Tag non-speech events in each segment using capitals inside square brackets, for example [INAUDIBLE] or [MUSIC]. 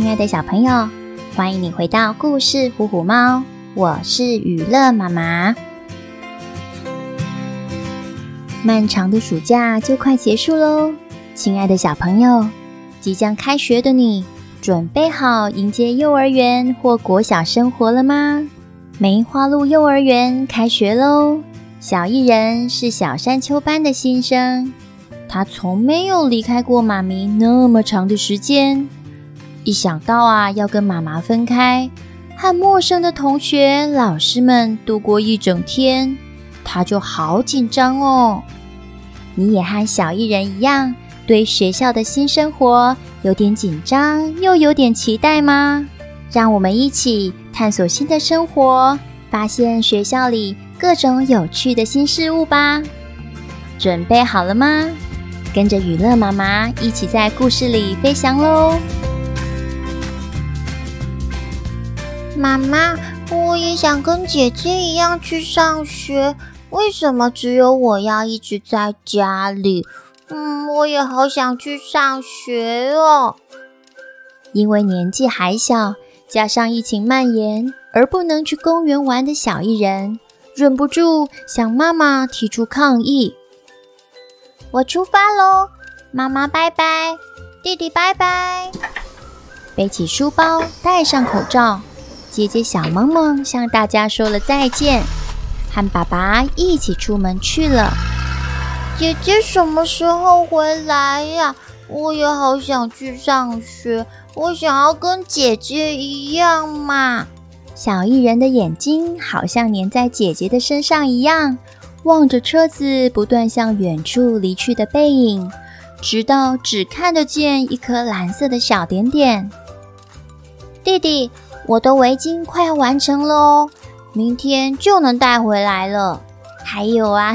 親愛的小朋友，歡迎你回到故事《虎虎貓》，我是予樂媽媽。漫長的暑假就快結束嘍，親愛的小朋友，即將開學的你，準備好迎接幼兒園或國小生活了嗎？梅花鹿幼兒園開學嘍，小薏仁是小山丘班的新生，他從沒有離開過媽咪那麼長的時間。一想到啊，要跟媽媽分開，和陌生的同學、老師們度過一整天，他就好緊張哦。你也和小薏仁一樣，對學校的新生活有點緊張又有點期待嗎？讓我們一起探索新的生活，發現學校裡各種有趣的新事物吧！準備好了嗎？跟着予樂媽媽一起在故事裡飛翔嘍！媽媽，我也想跟姐姐一樣去上學，為什麼只有我要一直在家裡？嗯，我也好想去上學哦。因為年紀還小，加上疫情蔓延，而不能去公園玩的小藝人，忍不住向媽媽提出抗議。我出發嘍，媽媽拜拜，弟弟拜拜。背起書包，戴上口罩，姐姐小萌萌向大家說了再見，和爸爸一起出門去了。姐姐什麼時候回來呀、啊？我也好想去上學，我想要跟姐姐一樣嘛。小薏仁的眼睛好像粘在姐姐的身上一樣，望着車子不斷向遠處離去的背影，直到只看得見一顆藍色的小點點。弟弟。我的圍巾快要完成了哦，明天就能帶回來了。還有啊，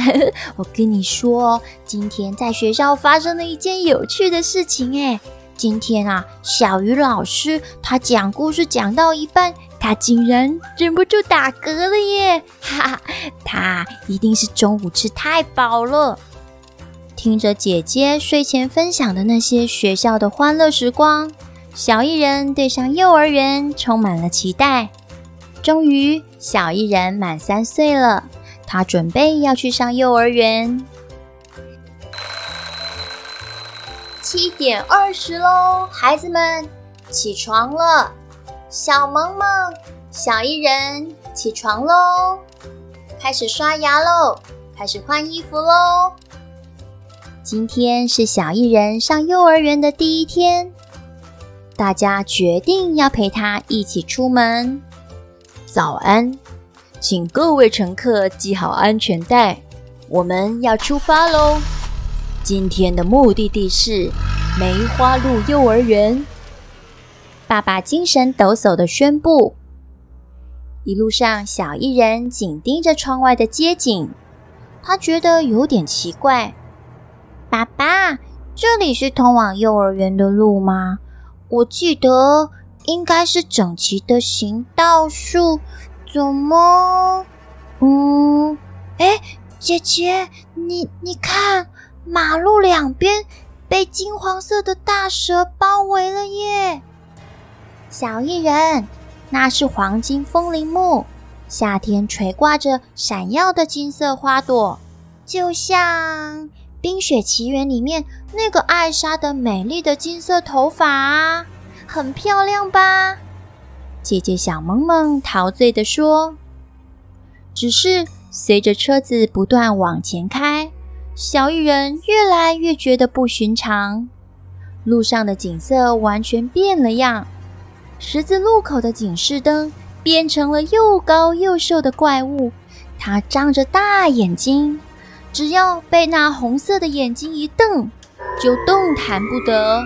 我跟你說，今天在學校發生了一件有趣的事情誒，今天啊，小魚老師他講故事講到一半，他竟然忍不住打嗝了耶！哈哈，他一定是中午吃太飽了。聽着姐姐睡前分享的那些學校的歡樂時光。小薏仁對上幼兒園充滿了期待。終於，小薏仁滿三歲了，他準備要去上幼兒園。七點二十嘍，孩子們起床了。小萌萌、小薏仁起床嘍，開始刷牙嘍，開始換衣服嘍。今天是小薏仁上幼兒園的第一天。大家決定要陪他一起出門。早安，請各位乘客繫好安全帶，我們要出發嘍！今天的目的地是梅花鹿幼兒園。爸爸精神抖擻地宣布。一路上，小薏仁緊盯着窗外的街景，他覺得有點奇怪。爸爸，這裡是通往幼兒園的路嗎？我記得應該是整齊的行道樹，怎麼？嗯，哎，姐姐，你你看，馬路兩邊被金黃色的大蛇包圍了耶！小薏仁，那是黃金風鈴木，夏天垂掛着閃耀的金色花朵，就像，《冰雪奇緣》裡面那個艾莎的美麗的金色頭髮，很漂亮吧？姐姐小萌萌陶醉地說。只是隨着車子不斷往前開，小薏仁越來越覺得不尋常。路上的景色完全變了樣，十字路口的警示燈變成了又高又瘦的怪物，它張着大眼睛。只要被那紅色的眼睛一瞪，就動彈不得，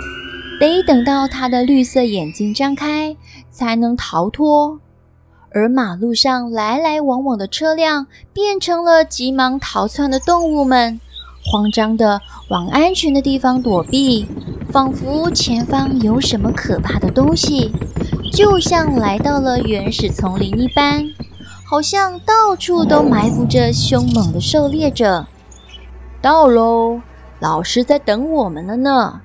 得等到它的綠色眼睛張開才能逃脫。而馬路上來來往往的車輛變成了急忙逃竄的動物們，慌張地往安全的地方躲避，仿佛前方有什麼可怕的東西，就像來到了原始叢林一般，好像到處都埋伏着凶猛的狩獵者。到嘍，老師在等我們了呢，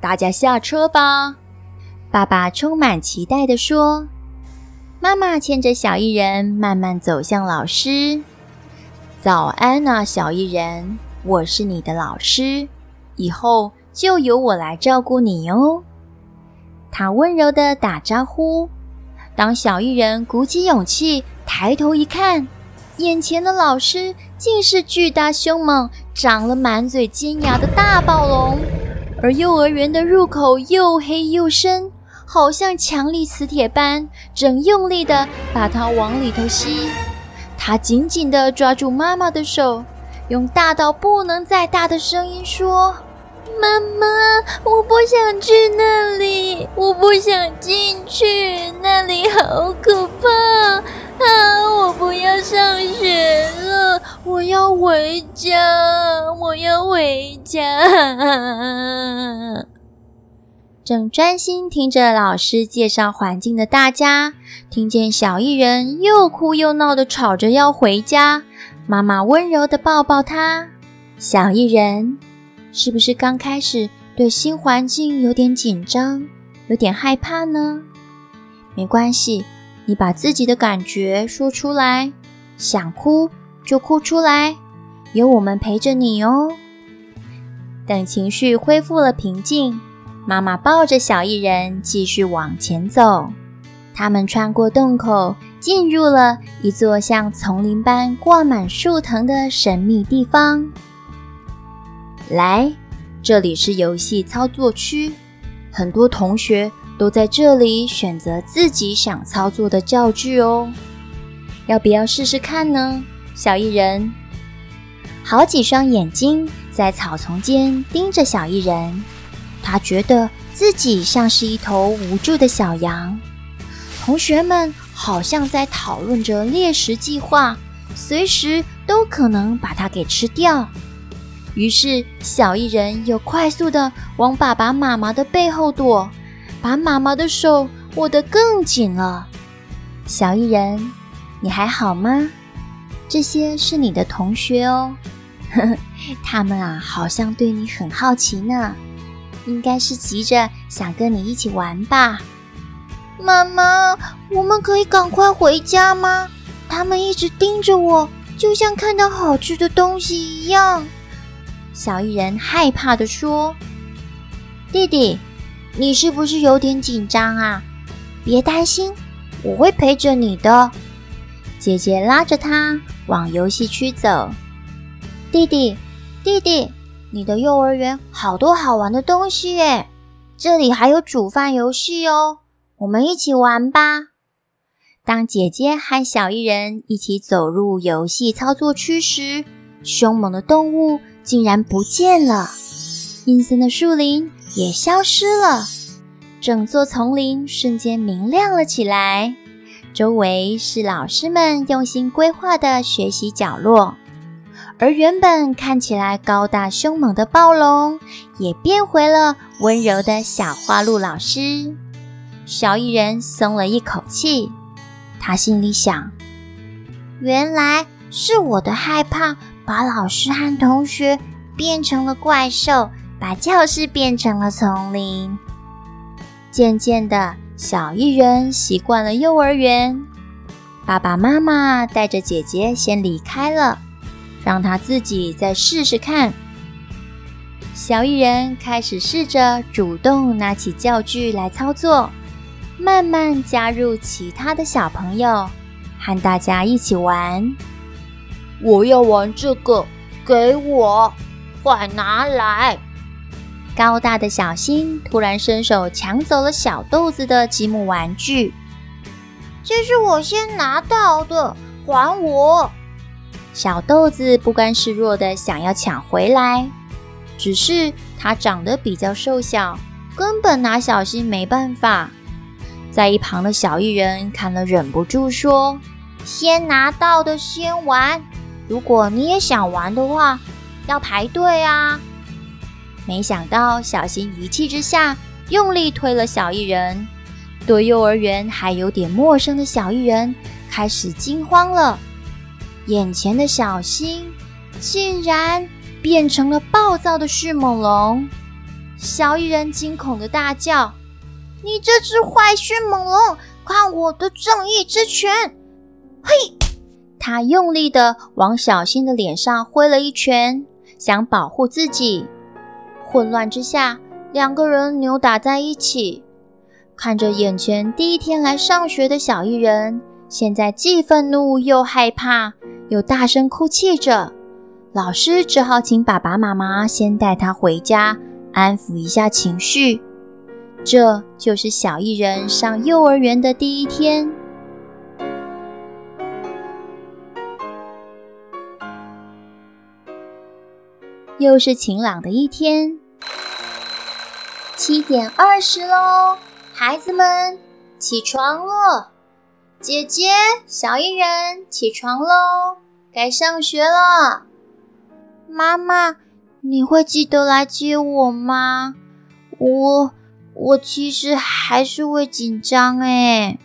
大家下車吧。爸爸充滿期待地說：“媽媽牽着小薏仁慢慢走向老師，早安啊，小薏仁，我是你的老師，以後就由我來照顧你喲。”他溫柔地打招呼。當小薏仁鼓起勇氣抬頭一看。眼前的老師竟是巨大兇猛、長了滿嘴尖牙的大暴龍，而幼兒園的入口又黑又深，好像強力磁鐵般，正用力地把他往裡頭吸。他緊緊地抓住媽媽的手，用大到不能再大的聲音說：“媽媽，我不想去那裡，我不想進去，那裡好可怕。”啊！我不要上學了，我要回家，我要回家。 [LAUGHS] 正專心聽着老師介紹環境的大家，聽見小薏仁又哭又鬧的吵着要回家。媽媽溫柔的抱抱他小薏仁是不是剛開始對新環境有點緊張，有點害怕呢？沒關係。你把自己的感覺說出來，想哭就哭出來，有我們陪着你哦。等情緒恢復了平靜，媽媽抱着小薏仁繼續往前走。他們穿過洞口，進入了一座像叢林般掛滿樹藤的神秘地方。來，這裡是遊戲操作區，很多同學。都在這裡選擇自己想操作的教具哦，要不要試試看呢？小薏仁，好幾雙眼睛在草叢間盯着小薏仁，他覺得自己像是一頭無助的小羊。同學們好像在討論着獵食計劃，隨時都可能把他給吃掉。於是，小薏仁又快速地往爸爸媽媽的背後躲。把媽媽的手握得更緊了。小薏仁，你還好嗎？這些是你的同學哦，呵呵他們啊，好像對你很好奇呢，應該是急着想跟你一起玩吧。媽媽，我們可以趕快回家嗎？他們一直盯着我，就像看到好吃的東西一樣。小薏仁害怕地說：“弟弟。”你是不是有點緊張啊？別擔心，我會陪着你的。姐姐拉着她往遊戲區走。弟弟，弟弟，你的幼兒園好多好玩的東西耶！這裡還有煮飯遊戲哦，我們一起玩吧。當姐姐和小薏仁一起走入遊戲操作區時，凶猛的動物竟然不見了，陰森的樹林。也消失了，整座叢林瞬間明亮了起來。周圍是老師們用心規劃的學習角落，而原本看起來高大兇猛的暴龍也變回了溫柔的小花鹿老師。小薏仁鬆了一口氣，他心裡想：原來是我的害怕把老師和同學變成了怪獸，把教室變成了叢林。漸漸的，小薏仁習慣了幼兒園。爸爸媽媽帶着姐姐先離開了，讓他自己再試試看。小薏仁開始試着主動拿起教具來操作，慢慢加入其他的小朋友，和大家一起玩。我要玩這個，給我，快拿來！高大的小新突然伸手搶走了小豆子的積木玩具，這是我先拿到的，還我！小豆子不甘示弱的想要搶回來，只是他長得比較瘦小，根本拿小新沒辦法。在一旁的小藝人看了忍不住說：“先拿到的先玩，如果你也想玩的話，要排隊啊。”沒想到，小新一氣之下用力推了小薏仁。對幼兒園還有點陌生的小薏仁開始驚慌了。眼前的小新竟然變成了暴躁的迅猛龍！小薏仁驚恐的大叫：“你這隻壞迅猛龍，看我的正義之拳！”嘿，他用力的往小新的臉上揮了一拳，想保護自己。混亂之下，兩個人扭打在一起。看着眼前第一天來上學的小薏仁，現在既憤怒又害怕，又大聲哭泣着，老師只好請爸爸媽媽先帶他回家，安撫一下情緒。這就是小薏仁上幼兒園的第一天。又是晴朗的一天。七點二十嘍，孩子們起床了。姐姐，小薏仁起床嘍，該上學了。媽媽，你會記得來接我嗎？我，我其實還是會緊張誒，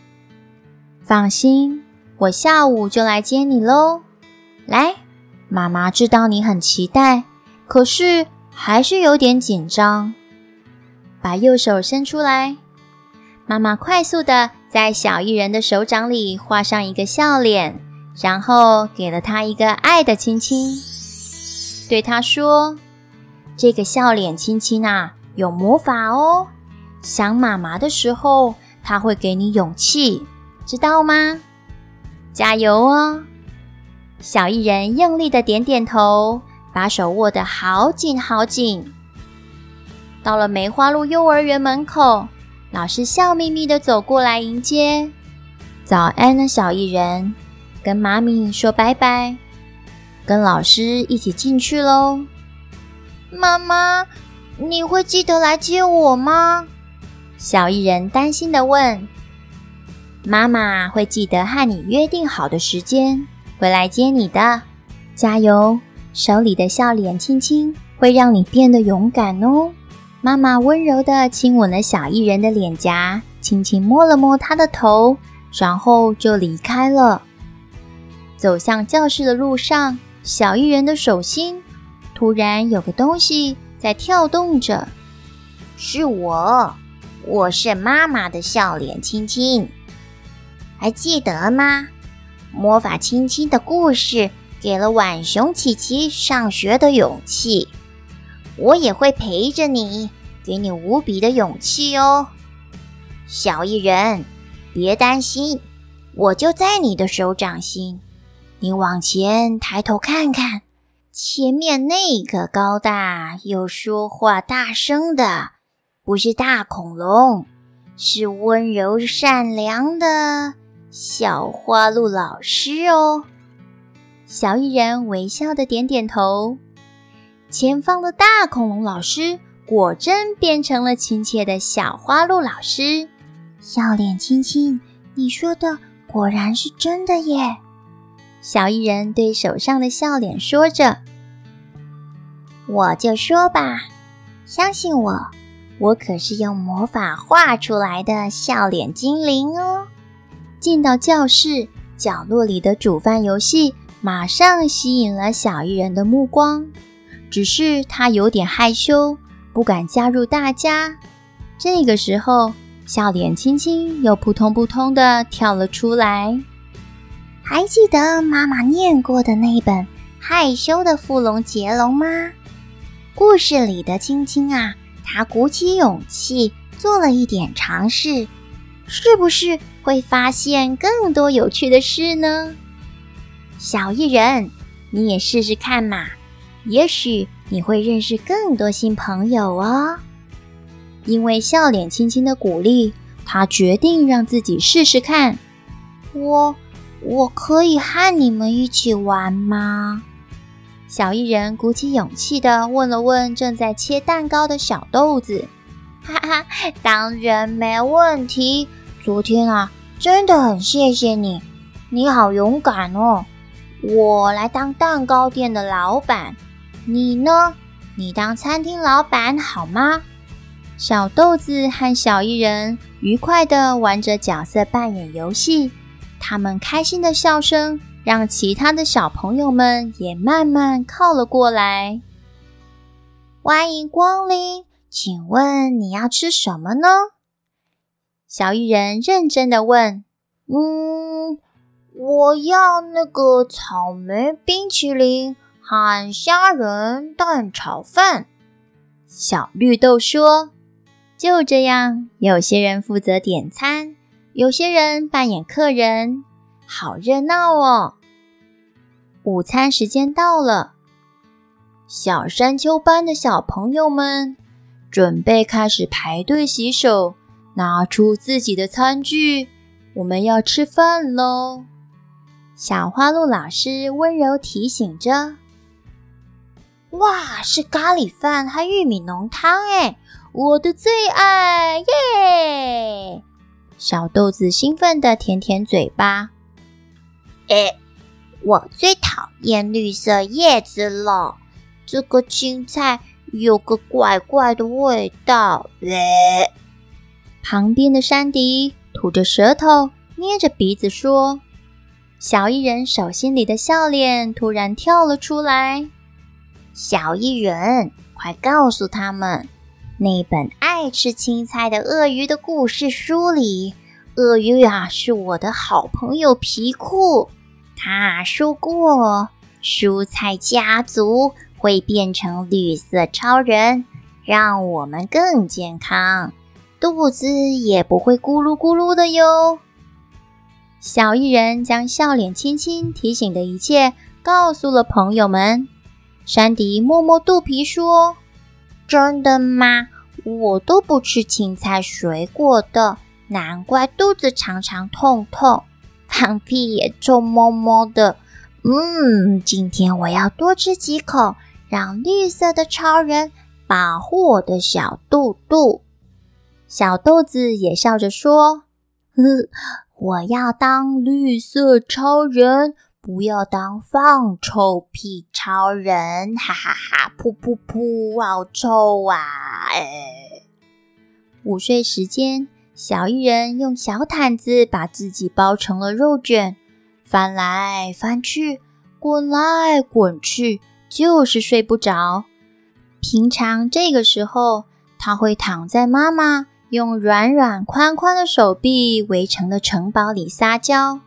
放心，我下午就來接你嘍。來，媽媽知道你很期待，可是還是有點緊張。把右手伸出來，媽媽快速地在小薏仁的手掌裡畫上一個笑臉，然後給了他一個愛的親親，對他說：“這個笑臉親親啊，有魔法哦，想媽媽的時候，他會給你勇氣，知道嗎？加油哦！”小薏仁用力地點點頭，把手握得好緊好緊。到了梅花鹿幼兒園門口，老師笑眯眯地走過來迎接。早安呢，小薏仁！跟媽咪說拜拜，跟老師一起進去嘍。媽媽，你會記得來接我嗎？小薏仁擔心地問。媽媽會記得和你約定好的時間回來接你的。加油！手裡的笑臉輕輕會讓你變得勇敢哦。媽媽溫柔地親吻了小薏仁的臉頰，輕輕摸了摸他的頭，然後就離開了。走向教室的路上，小薏仁的手心突然有個東西在跳動着，是我，我是媽媽的笑臉親親，還記得嗎？魔法親親的故事給了浣熊琪琪上學的勇氣。我也會陪着你，給你無比的勇氣哦，小藝人，別擔心，我就在你的手掌心。你往前抬頭看看，前面那個高大又說話大聲的，不是大恐龍，是溫柔善良的小花鹿老師哦。小藝人微笑的點點頭。前方的大恐龍老師果真變成了親切的小花鹿老師，笑臉親親。你說的果然是真的耶！小薏仁對手上的笑臉說着：“我就說吧，相信我，我可是用魔法畫出來的笑臉精靈哦。”進到教室，角落裡的煮飯遊戲馬上吸引了小薏仁的目光。只是他有點害羞，不敢加入大家。這個時候，笑臉青青又撲通撲通地跳了出來。還記得媽媽念過的那本《害羞的富隆傑隆》嗎？故事裡的青青啊，他鼓起勇氣做了一點嘗試，是不是會發現更多有趣的事呢？小薏仁，你也試試看嘛！也許你會認識更多新朋友哦，因為笑臉輕輕的鼓勵，他決定讓自己試試看。我，我可以和你們一起玩嗎？小薏仁鼓起勇氣的問了問正在切蛋糕的小豆子。哈哈，當然沒問題。昨天啊，真的很謝謝你，你好勇敢哦。我來當蛋糕店的老闆。你呢？你當餐廳老板好嗎？小豆子和小薏仁愉快地玩着角色扮演遊戲，他們開心的笑聲讓其他的小朋友們也慢慢靠了過來。歡迎光臨，請問你要吃什麼呢？小薏仁認真地問：“嗯，我要那個草莓冰淇淋。”喊蝦仁蛋炒飯，小綠豆說：“就這樣，有些人負責點餐，有些人扮演客人，好熱鬧哦！”午餐時間到了，小山丘班的小朋友們準備開始排隊洗手，拿出自己的餐具，我們要吃飯嘍。小花鹿老師溫柔提醒着。哇，是咖喱飯和玉米濃湯誒，我的最愛耶！Yeah! 小豆子興奮地舔舔嘴巴。誒、欸、我最討厭綠色葉子了，這個青菜有個怪怪的味道。欸、旁邊的山迪吐着舌頭，捏着鼻子說：“小薏仁手心裡的笑臉突然跳了出來。”小薏仁，快告訴他們，那本愛吃青菜的鱷魚的故事書裡，鱷魚啊是我的好朋友皮庫。他說過，蔬菜家族會變成綠色超人，讓我們更健康，肚子也不會咕嚕咕嚕的喲。小薏仁將笑臉輕輕提醒的一切告訴了朋友們。山迪摸摸肚皮說：“真的嗎？我都不吃青菜水果的，難怪肚子常常痛痛，放屁也臭摸摸的。嗯，今天我要多吃幾口，讓綠色的超人保護我的小肚肚。”小豆子也笑着說呵：“我要當綠色超人。”不要當放臭屁超人，哈哈哈，哈！噗噗噗，好臭啊！哎，午睡時間，小薏仁用小毯子，把自己包成了肉卷，翻來翻去，滾來滾去，就是睡不着。平常這個時候，他會躺在媽媽用軟軟寬寬的手臂圍成的城堡裡撒嬌。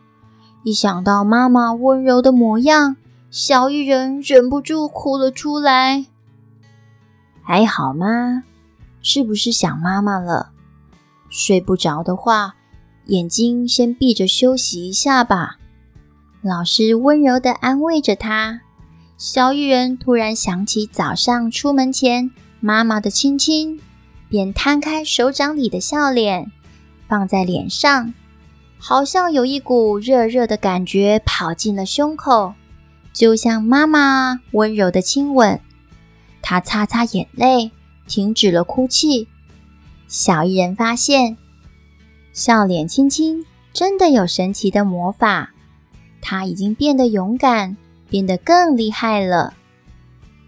一想到媽媽溫柔的模樣，小薏仁忍不住哭了出來。還好嗎？是不是想媽媽了？睡不着的話，眼睛先閉着休息一下吧。老師溫柔地安慰着他。小薏仁突然想起早上出門前媽媽的親親，便攤開手掌裡的笑臉放在臉上。好像有一股熱熱的感覺跑進了胸口，就像媽媽溫柔的親吻。她擦擦眼淚，停止了哭泣。小薏仁發現，笑臉親親真的有神奇的魔法。她已經變得勇敢，變得更厲害了。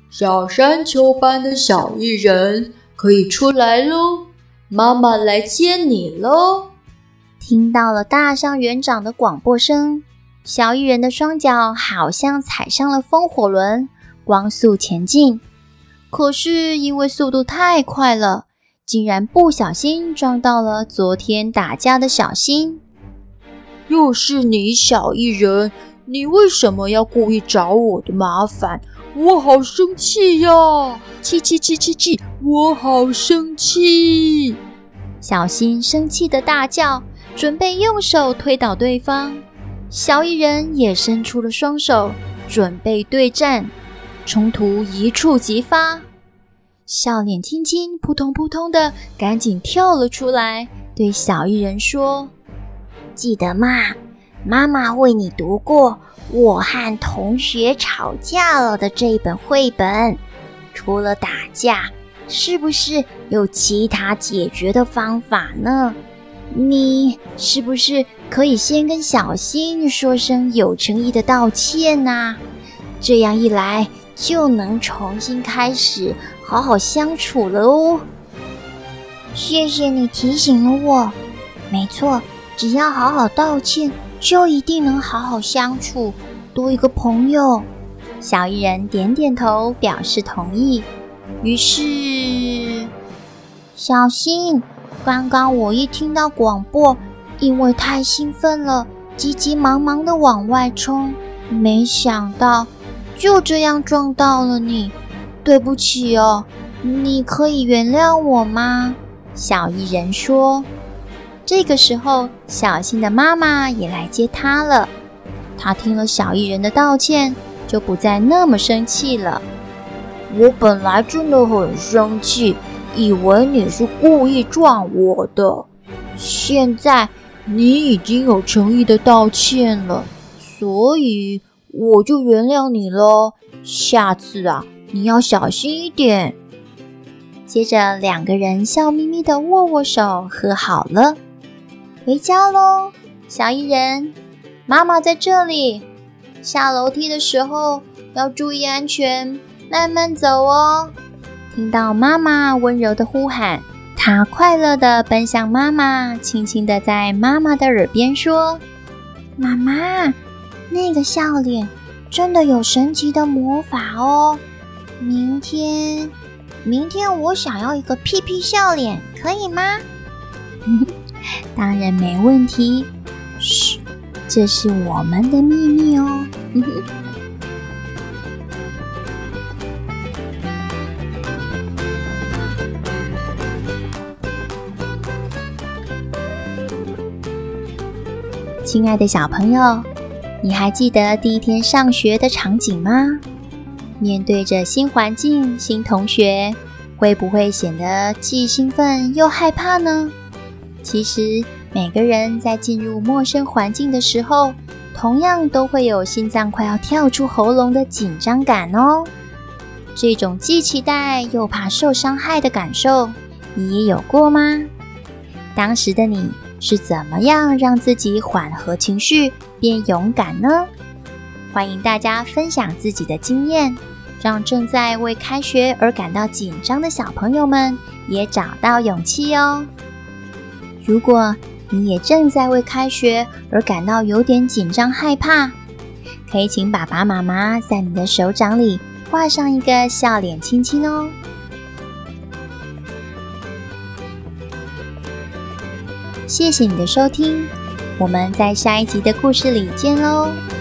小山丘班的小薏仁可以出來嘍，媽媽來接你嘍。聽到了大象園長的廣播聲，小薏仁的雙腳好像踩上了風火輪，光速前進。可是因為速度太快了，竟然不小心撞到了昨天打架的小新。又是你，小薏仁！你為什麼要故意找我的麻煩？我好生氣呀、哦！氣氣氣氣氣！我好生氣！小新生氣地大叫。準備用手推倒對方，小薏仁也伸出了雙手，準備對戰，衝突一觸即發。笑臉輕輕撲通撲通的，趕緊跳了出來，對小薏仁說：“記得嗎？媽媽為你讀過《我和同學吵架了》的這本繪本，除了打架，是不是有其他解決的方法呢？”你是不是可以先跟小新說聲有誠意的道歉呢？啊？這樣一來就能重新開始，好好相處了哦。謝謝你提醒了我，沒錯，只要好好道歉，就一定能好好相處，多一個朋友。小薏仁點點頭表示同意。於是，小新。剛剛我一聽到廣播，因為太興奮了，急急忙忙地往外衝，沒想到就這樣撞到了你，對不起哦，你可以原諒我嗎？小薏仁說。這個時候，小新的媽媽也來接他了。他聽了小薏仁的道歉，就不再那麼生氣了。我本來真的很生氣。以為你是故意撞我的，現在你已經有誠意的道歉了，所以我就原諒你嘍，下次啊，你要小心一點。接着，兩個人笑眯眯的握握手，和好了，回家嘍，小薏仁，媽媽在這裡。下樓梯的時候要注意安全，慢慢走哦。聽到媽媽溫柔的呼喊，他快樂的奔向媽媽，輕輕的在媽媽的耳邊說：“媽媽，那個笑臉真的有神奇的魔法哦！明天，明天我想要一個屁屁笑臉，可以嗎？”“ [LAUGHS] 當然沒問題。”“噓，這是我們的秘密哦。 [LAUGHS] ”親愛的小朋友，你還記得第一天上學的場景嗎？面對着新環境、新同學，會不會顯得既興奮又害怕呢？其實，每個人在進入陌生環境的時候，同樣都會有心臟快要跳出喉嚨的緊張感哦。這種既期待又怕受傷害的感受，你也有過嗎？當時的你，是怎麼樣讓自己緩和情緒、變勇敢呢？歡迎大家分享自己的經驗，讓正在為開學而感到緊張的小朋友們也找到勇氣哦。如果你也正在為開學而感到有點緊張害怕，可以請爸爸媽媽在你的手掌裡畫上一個笑臉、親親哦。謝謝你的收聽，我們在下一集的故事裡見嘍。